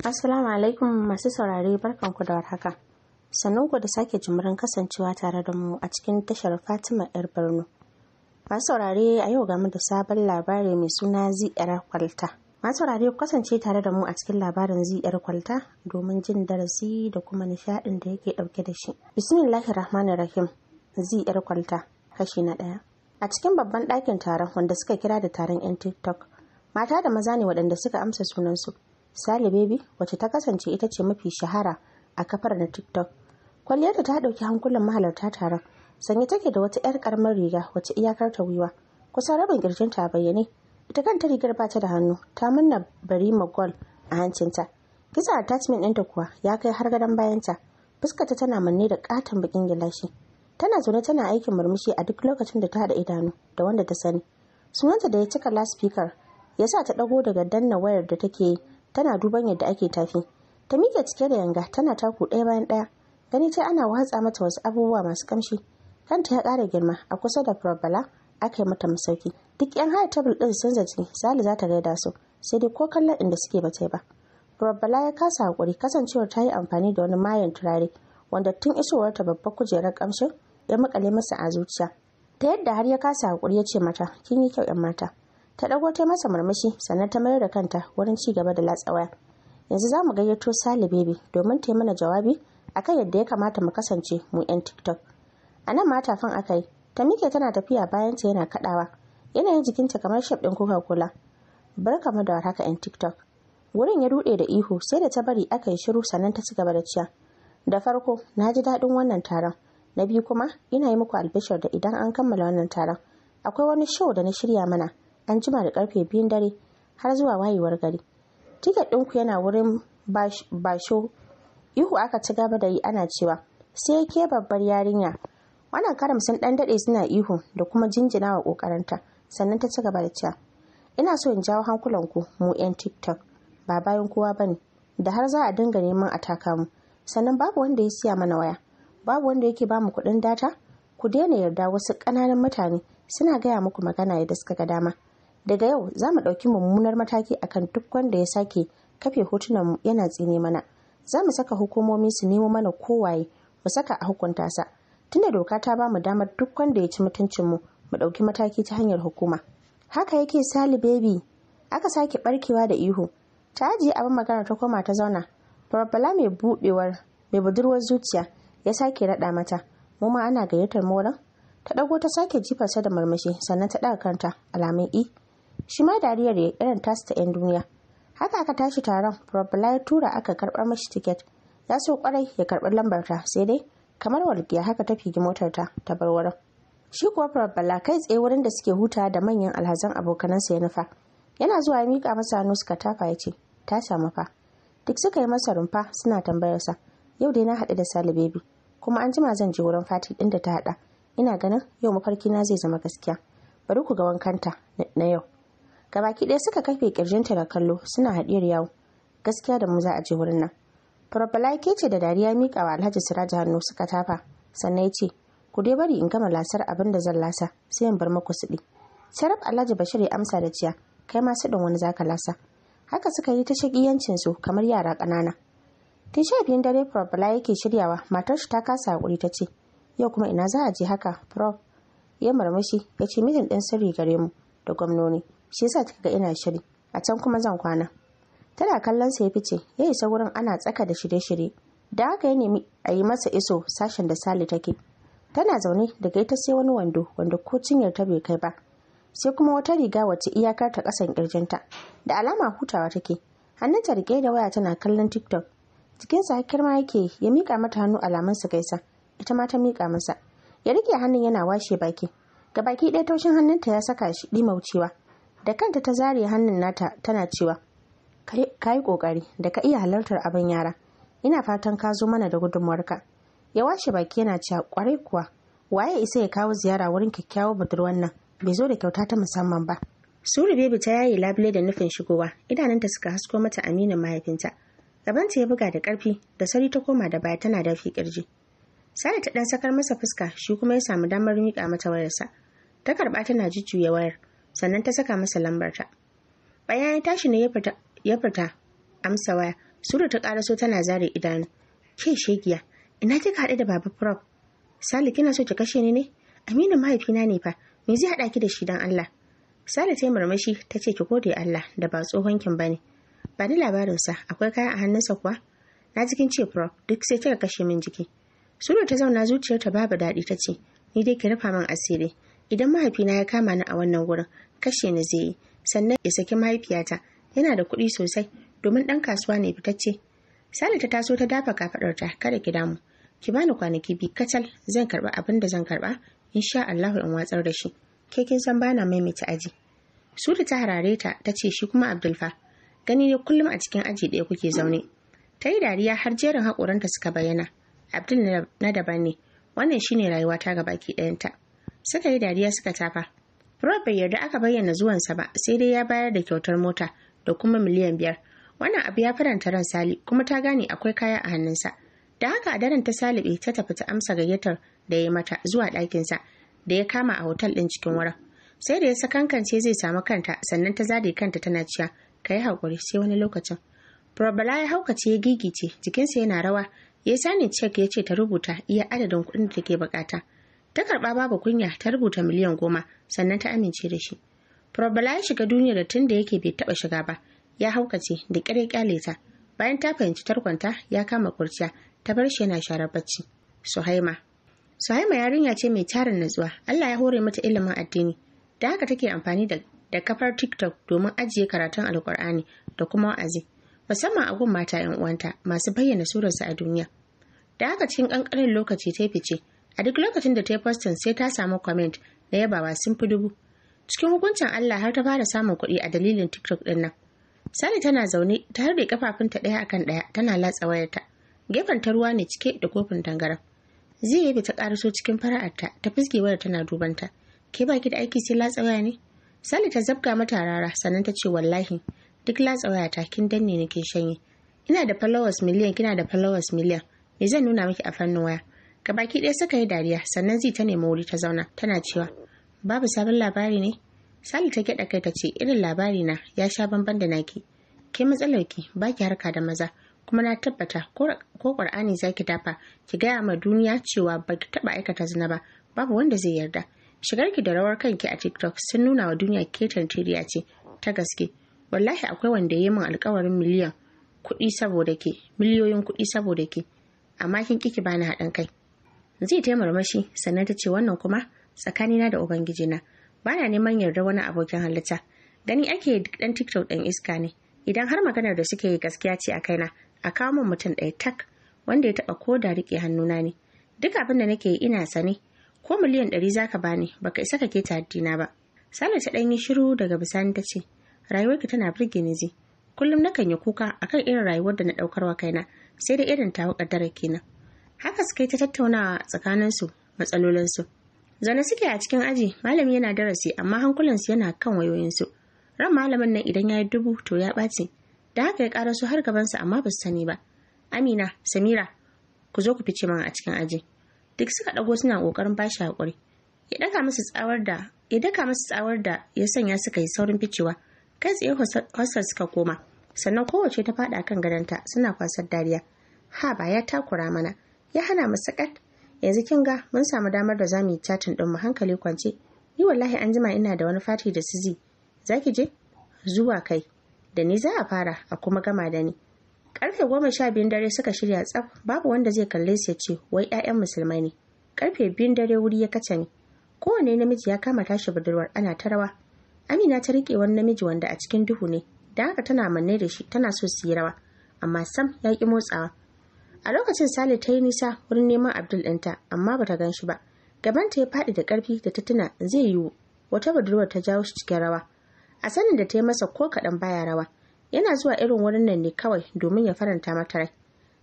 Assalamu alaikum masu saurare barkanku da warhaka. ku da sake jimirin kasancewa tare da mu a cikin tashar Fatima ‘yar Borno. Masu saurare a yau game da sabon labari mai suna ziyar kwalta. Masu saurare ku kasance tare da mu a cikin labarin ziyar kwalta domin jin darasi da kuma nishaɗin da yake ɗauke da shi. Bismillahir Rahmanir Rahim. Ziyar kwalta kashi na ɗaya. A cikin babban ɗakin taron wanda suka kira da taron 'yan TikTok, mata da maza ne waɗanda suka amsa sunansu. Sally Baby wacce ta kasance ita ce mafi shahara a kafar na TikTok. Kwalliyarta ta ɗauki hankulan mahalarta taron. Sanye take da wata 'yar karamar riga wacce iyakar ta gwiwa. Kusan rabin kirjinta a bayyane. Ita kanta rigar ba ta da hannu, ta manna bari gol a hancinta. Kisa attachment ɗinta kuwa ya kai har gadon bayanta. Fuskarta tana manne da katon bakin gilashi. Tana zaune tana aikin murmushi a duk lokacin da ta haɗa idanu da wanda ta sani. Sunanta da ya cika laspikar ya sa ta ɗago daga danna wayar da take tana duban yadda ake tafi ta miƙe cike da yanga tana taku ɗaya bayan ɗaya gani ta ana watsa mata wasu abubuwa masu kamshi kanta ya ƙara girma a kusa da furabala aka yi mata masauki duk yan haya tabul ɗin sun zaci sali za ta gaida su sai dai ko kallon inda suke ba ta ba furabala ya kasa haƙuri kasancewar ta yi amfani da wani mayan turare wanda tun isowar ta babbar kujerar kamshin ya makale masa a zuciya ta yadda har ya kasa haƙuri ya ce mata kin yi kyau yan mata ta ɗago ta masa murmushi sannan ta mayar da kanta wurin ci gaba da latsawa yanzu za mu gayyato sale bebe domin ta yi mana jawabi akan yadda ya kamata mu kasance mu 'yan tiktok a nan matafin aka yi ta mike tana tafiya bayan ta yana kaɗawa yanayin jikinta kamar shaf ɗin coca cola barka mu da haka 'yan tiktok wurin ya ruɗe da ihu sai da ta bari aka yi shiru sannan ta ci gaba da ciya da farko na ji daɗin wannan taron na biyu kuma ina yi muku albishar da idan an kammala wannan taron akwai wani show da na shirya mana an jima da karfe biyun dare har zuwa wayewar gari tiket ɗinku yana wurin basho ihu aka ci gaba da yi ana cewa sai ke babbar yarinya wannan karam sun ɗan daɗe suna ihu da kuma jinjina wa ƙoƙarinta sannan ta ci gaba da cewa ina so in jawo hankulanku mu 'yan tiktok ba bayan kowa bane da har za a dinga neman a taka mu sannan babu wanda ya siya mana waya babu wanda yake ba mu kuɗin data ku daina yarda wasu ƙananan mutane suna gaya muku magana yadda suka ga dama daga yau za mu ɗauki mummunar mataki akan duk wanda ya sake kafe hotunan yana tsine mana za mu saka hukumomi su nemo mana kowaye mu saka a hukunta sa tunda doka ta ba mu damar duk wanda ya ci mutuncin mu mu ɗauki mataki ta hanyar hukuma haka yake sali bebi, aka sake barkewa da ihu ta ajiye abin magana ta koma ta zauna farfala mai buɗewar mai budurwar zuciya ya sake raɗa mata mu ma ana gayyatar moran ta ɗago ta sake jifarsa da marmashi sannan ta ɗaga kanta alamun i shi ma dariyar ya irin tasu ta 'yan duniya haka aka tashi taron Robla ya tura aka karɓar mashi tiket ya so kwarai ya karɓar lambar ta sai dai kamar walgiya haka ta figi motar ta ta bar wurin shi kuwa Robla kai tsaye wurin da suke huta da manyan alhazan abokanansa ya nufa yana zuwa ya miƙa masa hannu suka tafa ya ce ta samu fa duk suka yi masa rumfa suna tambayarsa yau dai na haɗu da sali bebi kuma an jima zan je wurin fati ɗin da ta haɗa ina ganin yau mafarki na zai zama gaskiya bari ku ga wankanta na yau gabaki ɗaya suka kafe kirjinta da kallo suna haɗiyar yawo gaskiya da mu za a je wurin nan farfala ke ce da dariya miƙa wa alhaji siraji hannu suka tafa sannan ya ce ku dai bari in gama lasar abin da zan lasa sai in bar maku suɗi sarraf alhaji bashir ya amsa da ciya kai ma suɗin wani zaka lasa haka suka yi ta shaƙiyancin su kamar yara ƙanana tun sha biyun dare bala yake shiryawa matar shi ta kasa haƙuri ta ce yau kuma ina za a je haka prof ya marmashi ya ce mijin ɗin sirri gare mu da gwamnoni shi yasa ta ga ina shiri a can kuma zan kwana tana kallon sa ya fice ya isa wurin ana tsaka da shirye-shirye da haka ya nemi a yi masa iso sashen da sali take tana zaune daga ita sai wani wando wanda ko cinyar ta bai kai ba sai kuma wata riga wacce iyakar ta kasan kirjinta da alama hutawa take hannunta rike da waya tana kallon tiktok jikinsa hakir ma yake ya mika mata hannu alamun sa gaisa ita ma ta mika masa ya rike hannun yana washe baki ga baki ɗaya taushin hannunta ya saka shi wucewa. da kanta ta zare hannun nata tana cewa ka yi kokari da ka iya halartar abin yara ina fatan ka zo mana da gudunmuwarka ya washe baki yana cewa kwarai kuwa waye isa ya kawo ziyara wurin kyakkyawar budurwan nan bai zo da kyauta ta musamman ba suri bebi ta yayi labule da nufin shigowa idanunta suka hasko mata aminin mahaifinta gabanta ya buga da karfi da sauri ta koma da baya tana dafi kirji sale ta dan sakar masa fuska shi kuma ya samu damar miƙa mata wayarsa ta karba tana jujjuya wayar sannan ta saka masa lambarta bayan ya tashi ne ya fita amsa waya Suru ta karaso tana zare idanu ke shegiya ina kika haɗu da baba prof sali kina so ki kashe ni ne aminu mahaifina ne fa me zai haɗa ki da shi dan allah sali ta yi murmushi ta ce ki gode allah da ba tsohon kin bane ba ni sa. akwai kaya a hannunsa kuwa na jikin ce prof duk sai kika kashe min jiki Suru ta zauna zuciyarta babu daɗi ta ce ni dai ki rufa min asiri idan mahaifina ya kama ni a wannan wurin kashe ni zai yi sannan ya saki mahaifiyata yana da kuɗi sosai domin ɗan kasuwa ne fitacce sale ta taso ta dafa kafaɗarta kada ki damu ki bani kwanaki biyu kacal zan karɓa abin da zan karɓa insha Allahu in watsar da shi ke kin san bana maimaita aji su da ta harare ta ta ce shi kuma Abdulfa gani ne kullum a cikin aji ɗaya kuke zaune ta yi dariya har jerin haƙoranta suka bayyana Abdul na daban ne wannan shine rayuwa ta baki ɗayanta. suka yi dariya suka tafa Prof bai yarda aka bayyana zuwansa ba sai dai ya bayar da kyautar mota da kuma miliyan biyar wannan abu ya faranta ran sali kuma ta gane akwai kaya a hannunsa da haka a daren ta salibe ta tafi ta amsa gayyatar da ya yi mata zuwa ɗakinsa da ya kama a hotel ɗin cikin wurin sai da ya sakankance zai samu kanta sannan ta zade kanta tana ciya ka yi haƙuri sai wani lokacin Bala ya haukace ya gigice jikinsa yana rawa ya sani cek ya ce ta rubuta iya adadin kuɗin da take bukata. ta karba babu kunya ta rubuta miliyan goma sannan ta amince da shi probala ya shiga duniya da tun da yake bai taɓa shiga ba ya haukace da kare kyale ta bayan ta fahimci tarkonta ya kama kurciya ta bar shi yana sharar bacci suhaima suhaima yarinya ce mai tarin natsuwa allah ya hore mata ilimin addini da haka take amfani da da kafar TikTok domin ajiye karatun Alkur'ani da kuma wa'azi, musamman a gun mata 'yan uwanta masu bayyana surarsa a duniya. Da haka cikin ƙanƙanin lokaci ta fice, a duk lokacin da ta yi postin sai ta samu comment na yabawa sun fi dubu cikin hukuncin Allah har ta fara samun kuɗi a dalilin TikTok ɗin nan. Sani tana zaune ta harbe kafafunta ɗaya akan ɗaya tana latsa wayarta. Gefen ta ruwa ne cike da kofin tangaran. Zai yafe ta karaso cikin fara'arta ta fizge wayar tana dubanta. Ke baki da aiki sai latsa waya ne? Sani ta zabga mata rara sannan ta ce wallahi duk latsa wayata kin danne nake shanye. Ina da followers miliyan kina da followers miliyan. Me zan nuna miki a fannin waya? gabaki ɗaya suka yi dariya sannan zai ta nemi wuri ta zauna tana cewa babu sabon labari ne sali ta gyaɗa kai ta ce irin labari na ya sha bamban da naki ke matsalar ki ba ki harka da maza kuma na tabbata ko ƙur'ani za ki dafa ki gaya ma duniya cewa ba ki taɓa aikata zina ba babu wanda zai yarda shigar ki da rawar kanki a tiktok sun nuna wa duniya ke tantiriya ce ta gaske wallahi akwai wanda ya yi min alkawarin miliyan kuɗi saboda ke miliyoyin kuɗi saboda ke amma kin ki bani haɗin kai zai ta murmushi sannan ta ce wannan kuma Tsakani na da ubangiji na bana neman yarda wani abokin halitta gani ake dan tiktok ɗin iska ne idan har maganar da suke yi gaskiya ce a kaina a kawo min mutum ɗaya tak wanda ya taɓa ko da hannu na ne duk abin da nake yi ina sane ko miliyan ɗari zaka bani baka isa ka keta addina ba sale ta ɗan yi shiru daga bisani ta ce rayuwarki tana birge ni ji kullum nakan yi kuka akan irin rayuwar da na ɗaukar wa kaina sai da irin tawa ƙaddarar kenan haka suka yi ta tattaunawa tsakanin tsakaninsu matsalolinsu zaune suke a cikin aji malami yana darasi amma hankulan su yana kan wayoyin su ran malamin nan idan ya yi dubu to ya ɓaci da haka ya ƙara su har gabansa amma ba su sani ba amina samira ku zo ku fice man a cikin aji duk suka ɗago suna ƙoƙarin ba shi haƙuri ya daka musu tsawar da ya daka musu tsawar da ya sanya suka yi saurin ficewa kai tsaye hostel suka koma sannan kowace ta faɗa kan gadonta suna kwasar dariya ha ba ya takura mana ya hana mu sakat yanzu kin ga mun samu damar da zamu yi chatting din mu hankali kwance ni wallahi an jima ina da wani fati da sizi zaki je zuwa kai da ni za a fara a kuma gama da ni karfe goma sha biyun dare suka shirya tsaf babu wanda zai kalle su ya ce wai 'ya'yan musulmai ne karfe biyun dare wuri ya kace ni. kowane namiji ya kama tashi budurwar ana ta rawa amina ta riƙe wani namiji wanda a cikin duhu ne da haka tana manne da shi tana so su yi rawa amma sam ya ƙi motsawa a lokacin sale ta yi nisa wurin neman abdul ɗinta amma bata gan shi ba gabanta ya faɗi da ƙarfi da ta tuna zai yiwu wata budurwar ta jawo shi cikin rawa a sanin da ta yi masa ko kaɗan baya rawa yana zuwa irin wurin nan ne kawai domin ya faranta mata rai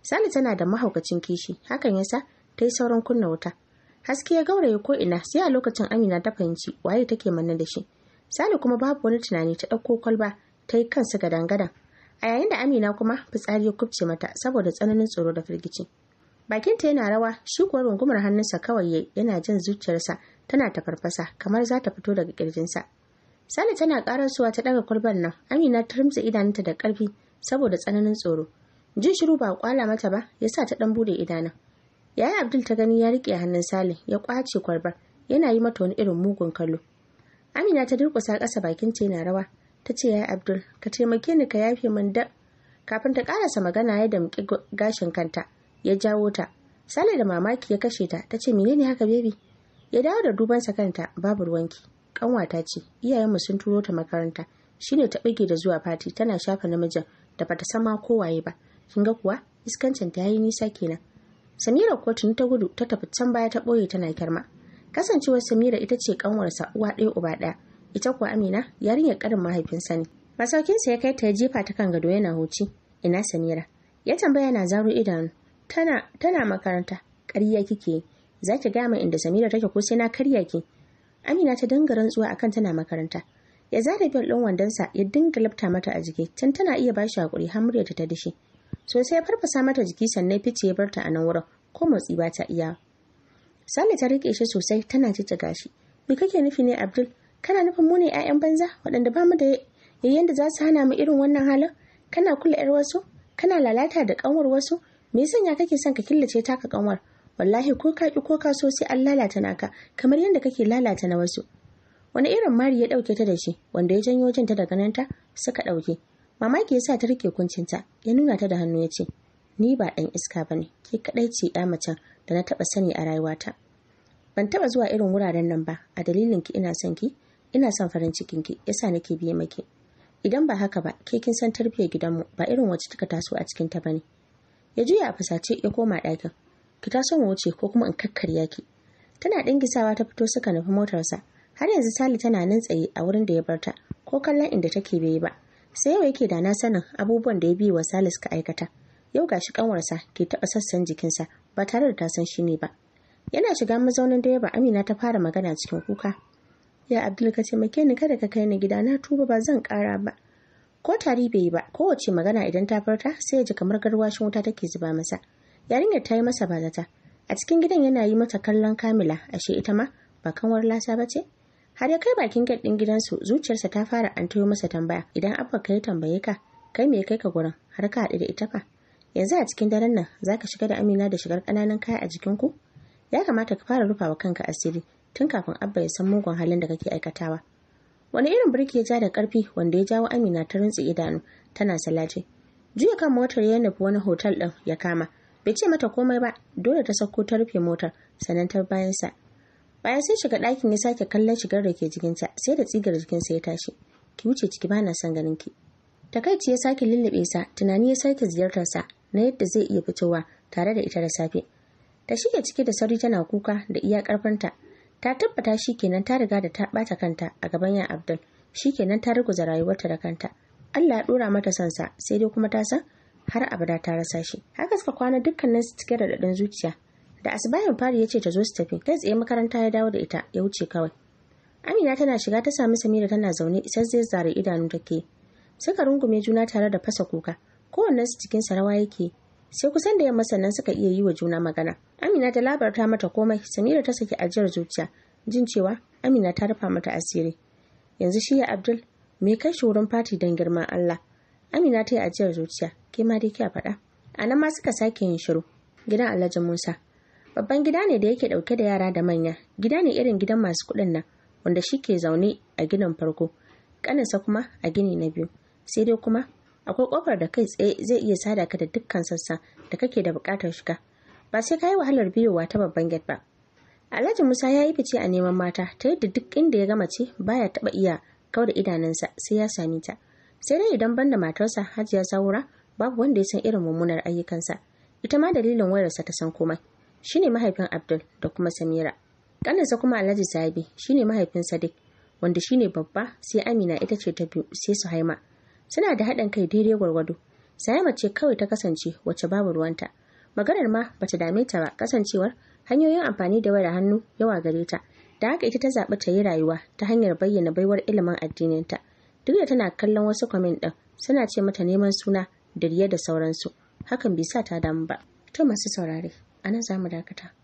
sale tana da mahaukacin kishi hakan ya sa ta yi sauran kunna wuta haske ya gauraye ko ina sai a lokacin amina ta fahimci waye take manne da shi sale kuma babu wani tunani ta ɗauko kwalba ta yi kansa gadan-gadan a yayin da amina kuma fitsari ya kubce mata saboda tsananin tsoro da firgici bakinta yana rawa shi kuwa rungumar hannunsa kawai yayi yana jin zuciyarsa tana ta farfasa kamar za ta fito daga kirjinsa sale tana suwa ta daga kurban nan amina ta rumtsa idanunta da karfi saboda tsananin tsoro jin shiru ba kwala mata ba ya sa ta dan bude idanun yayi abdul ta gani ya rike hannun sale ya kwace kwalbar, yana yi mata wani irin mugun kallo amina ta durkusa ƙasa bakinta yana rawa ta ce ya abdul ka taimake ni ka yafe min da kafin ta karasa magana ya damƙi gashin kanta ya jawo ta sale da mamaki ya kashe ta ta ce menene haka bebi ya dawo da duban sa kanta babu ruwanki ta ce iyayen mu sun turo ta makaranta shine ta bige da zuwa fati tana shafa namijin da bata sama kowaye ba kin ga kuwa iskancin ta yayi nisa kenan samira ko ta gudu ta tafi can baya ta boye tana kirma kasancewar samira ita ce kanwarsa uwa ɗaya uba ɗaya ita kuwa Amina yarinyar karin mahaifinsa ne masaukinsa ya kai ta ya jefa ta kan gado yana huci ina Samira ya tambaya yana zaro idanu tana tana makaranta ƙarya kike za ki gama inda Samira take ko sai na karya ki Amina ta dinga rantsuwa akan tana makaranta ya zare bin ɗin wandonsa ya dinga lafta mata a jiki tun tana iya ba shi hakuri har muryarta ta dishe sosai ya farfasa mata jiki sannan fice ya bar ta a nan wurin ko motsi ba ta iya Sale ta rike shi sosai tana ta gashi. me kake nufi ne Abdul kana nufin mu ne 'ya'yan banza waɗanda ba mu da yayyen da za su hana mu irin wannan halin kana kula 'yar wasu kana lalata da kanwar wasu me yasa kake son ka killace ta ka kanwar wallahi ko ka ki ko ka so sai an lalata naka kamar yadda kake lalata na wasu wani irin mari ya dauke ta da shi wanda ya janyo jinta daga nan ta suka ɗauke? mamaki ya sa ta rike kuncinta ya nuna ta da hannu ya ce ni ba dan iska ba ne. ke kadai ce ya macen da na taɓa sani a rayuwata ban taɓa zuwa irin wuraren nan ba a dalilin ki ina son ki ina son farin cikin ki yasa nake biye maki idan ba haka ba ke kin san tarbiyyar gidanmu ba irin wacce kika taso a cikin ta bane ya juya a fusace ya koma ɗakin ki taso mu wuce ko kuma in kakkarya ki tana dingisawa ta fito suka nufi motarsa har yanzu sali tana nan tsaye a wurin da ya bar ta ko kallon inda take bai ba sai yau yake da na sanin abubuwan da ya bi wa sali suka aikata yau gashi kanwarsa ke taɓa sassan jikinsa ba tare da ta san shi ne ba yana shiga mazaunin direba amina ta fara magana cikin kuka ya abdul ka taimake ni kada ka kai ni gida na tuba ba zan kara ba ko tari bai yi ba kowace magana idan ta farta sai ya ji kamar garwashin wuta take zuba masa yarinyar ta yi masa bazata a cikin gidan yana yi mata kallon kamila ashe ita ma ba kanwar lasa ba ce har ya kai bakin gate din gidansu zuciyarsa ta fara antoyo masa tambaya idan abba ka tambaye ka kai me kai ka gurin har ka haɗu da ita fa yanzu a cikin daren nan zaka shiga da amina da shigar ƙananan kaya a jikinku ya kamata ka fara rufawa kanka asiri tun kafin abba ya san mugun halin da kake aikatawa wani irin birki ya ja da karfi wanda ya jawo amina ta rintsi idanu tana salace juya kan motar ya nufi wani hotel din ya kama bai ce mata komai ba dole ta sako ta rufe motar sannan ta bayan sa bayan sai shiga ɗakin ya sake kallon shigar da ke jikinta sai da tsigar jikinsa ya tashi ki wuce ciki bana son ganin ki takaici ya sake lullube sa tunani ya sake ziyartar sa na yadda zai iya fitowa tare da ita da safe ta shige ciki da sauri tana kuka da iya karfanta ta tabbata shi kenan ta riga da ta ɓata kanta a gaban ya abdul Shi kenan ta ruguza rayuwarta da kanta allah ya dora mata sansa sai dai kuma ta san har abada ta rasa shi haka suka kwana dukkanin su cike da dadin zuciya da asibayin fari ya ce ta zo su tafi kai tsaye makaranta ya dawo da ita ya wuce kawai amina tana shiga ta sami samira tana zaune sai zai zare idanu take suka rungume juna tare da fasa kuka kowannen su cikin Sarawa yake sai kusan da yamma sannan suka iya yi wa juna magana amina ta labarta mata komai samira ta saki ajiyar zuciya jin cewa amina ta rufa mata asiri yanzu shi ya abdul me kai shi wurin fati don girman allah amina ta yi ajiyar zuciya ke ma dai kya faɗa a nan ma suka sake yin shiru gidan alhaji musa babban gida ne da yake ɗauke da yara da manya gida ne irin gidan masu kuɗin nan wanda shi ke zaune a ginin farko ƙaninsa kuma a gini na biyu sai dai kuma akwai kofar da kai tsaye zai iya sada ka da dukkan sassa da kake da bukatar shiga ba sai ka yi wahalar biyowa ta babban get ba alhaji musa ya yi fice a neman mata ta yadda duk inda ya gama ce baya taba iya kauda idanunsa sai ya sami ta sai dai idan banda matarsa hajiya sahura babu wanda ya san irin mummunar ayyukansa ita ma dalilin wayarsa ta san komai shine mahaifin abdul da kuma samira ƙaninsa kuma alhaji sabi shine mahaifin sadiq wanda shine babba sai amina ita ce ta biyu sai suhaima suna da haɗin kai daidai gwargwado sayama ce kawai ta kasance wacce babu ruwanta maganar ma bata dame ta ba kasancewar hanyoyin amfani da wayar hannu yawa gare ta da haka ita ta zaɓi ta yi rayuwa ta hanyar bayyana baiwar ilimin addininta duk da tana kallon wasu kwamin ɗin suna ce mata neman suna da da sauransu hakan bai sa ta damu ba to masu saurare a nan za mu dakata